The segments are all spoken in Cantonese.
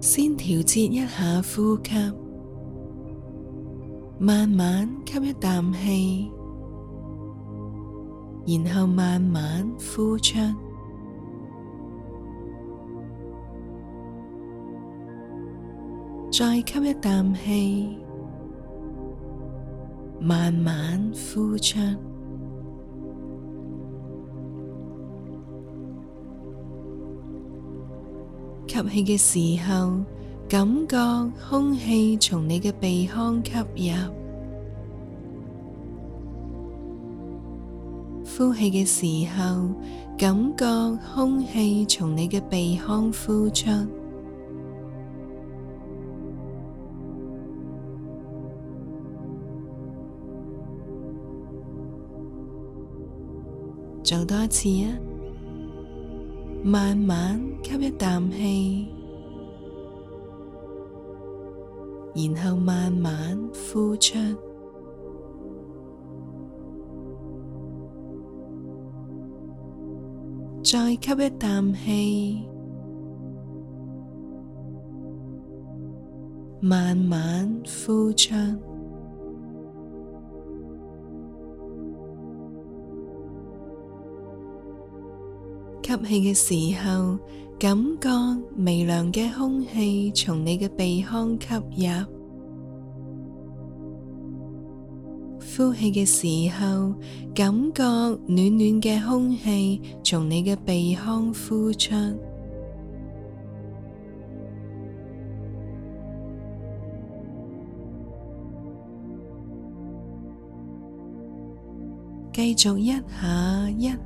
先調節一下呼吸，慢慢吸一啖氣，然後慢慢呼出，再吸一啖氣，慢慢呼出。吸氣嘅時候，感覺空氣從你嘅鼻腔吸入；呼氣嘅時候，感覺空氣從你嘅鼻腔呼出。做多一次啊！慢慢吸一啖氣，然後慢慢呼出。再吸一啖氣，慢慢呼出。吸氣嘅時候，感覺微涼嘅空氣從你嘅鼻腔吸入；呼氣嘅時候，感覺暖暖嘅空氣從你嘅鼻腔呼出。繼續一下一下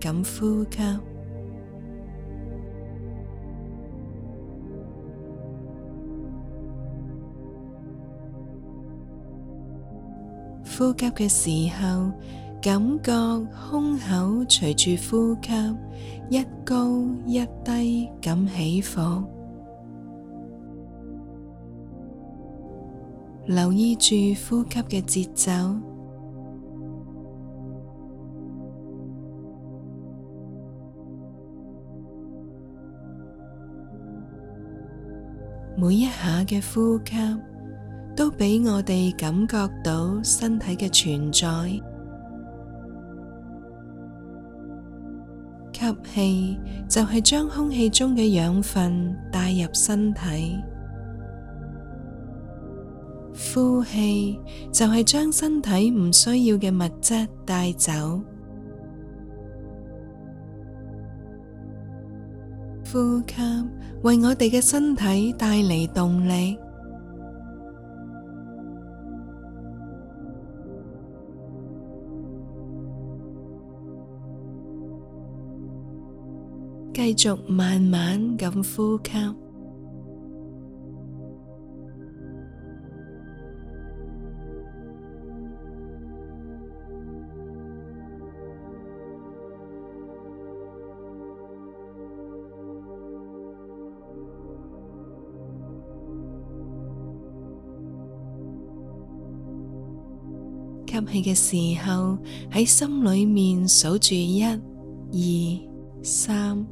咁呼吸。呼吸嘅時候，感覺胸口隨住呼吸一高一低咁起伏，留意住呼吸嘅節奏，每一下嘅呼吸。都俾我哋感覺到身體嘅存在。吸氣就係將空氣中嘅養分帶入身體，呼氣就係將身體唔需要嘅物質帶走。呼吸為我哋嘅身體帶嚟動力。繼續慢慢咁呼吸，吸氣嘅時候喺心裏面數住一、二、三。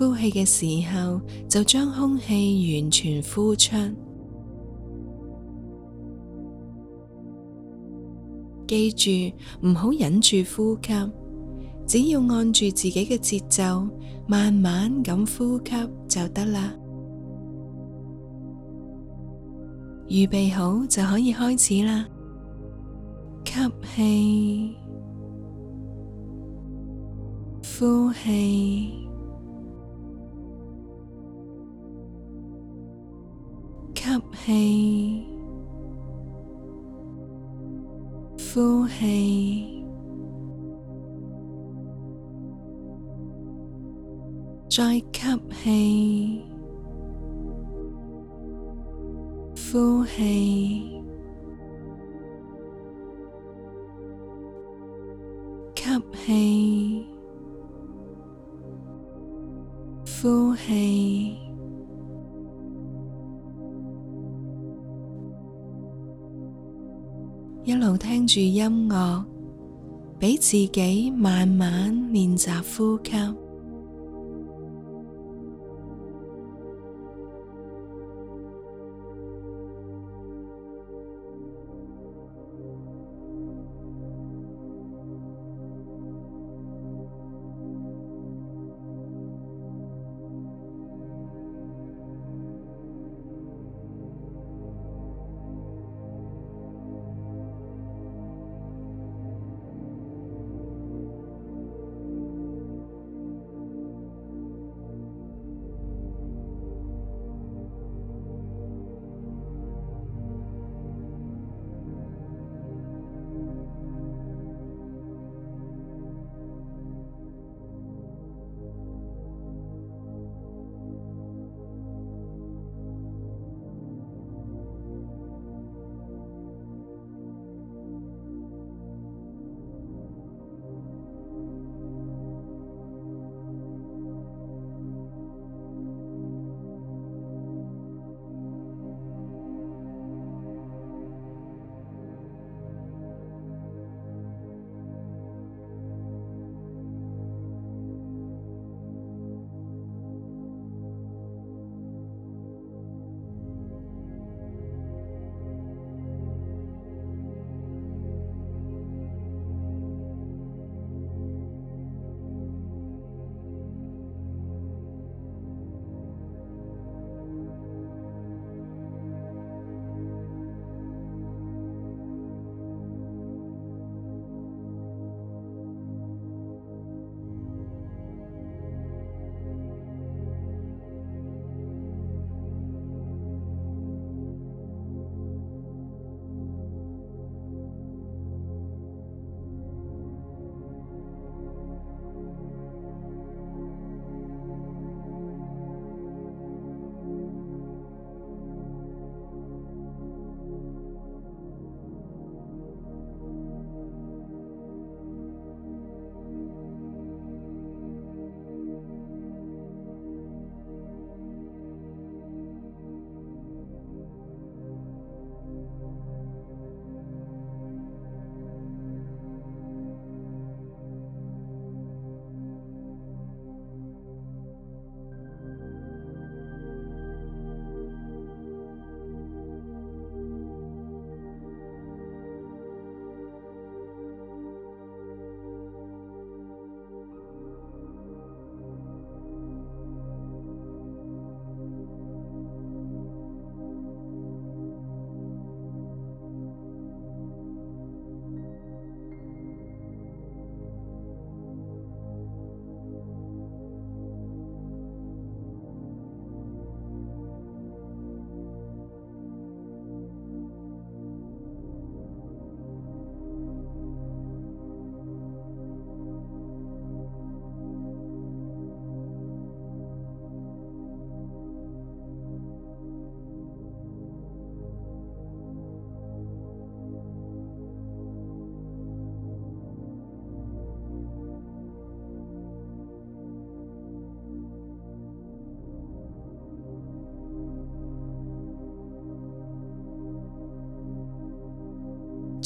呼氣嘅時候，就將空氣完全呼出。記住唔好忍住呼吸，只要按住自己嘅節奏，慢慢咁呼吸就得啦。預備好就可以開始啦。吸氣，呼氣。吸氣，呼氣，再吸氣，呼氣，吸氣，呼氣。一路聽住音樂，畀自己慢慢練習呼吸。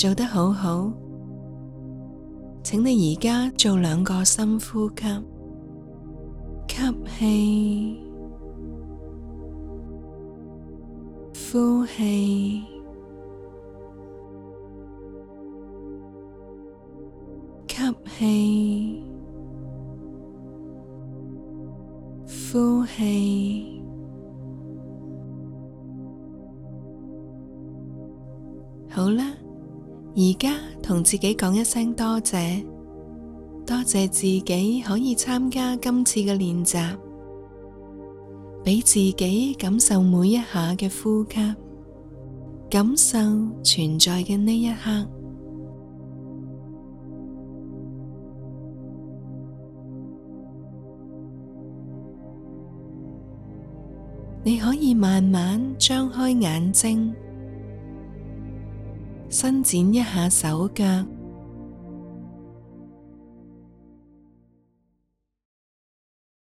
做得好好，請你而家做兩個深呼吸，吸氣，呼氣，吸氣，呼氣，好啦。而家同自己講一聲多謝，多謝自己可以參加今次嘅練習，俾自己感受每一下嘅呼吸，感受存在嘅呢一刻。你可以慢慢張開眼睛。伸展一下手腳。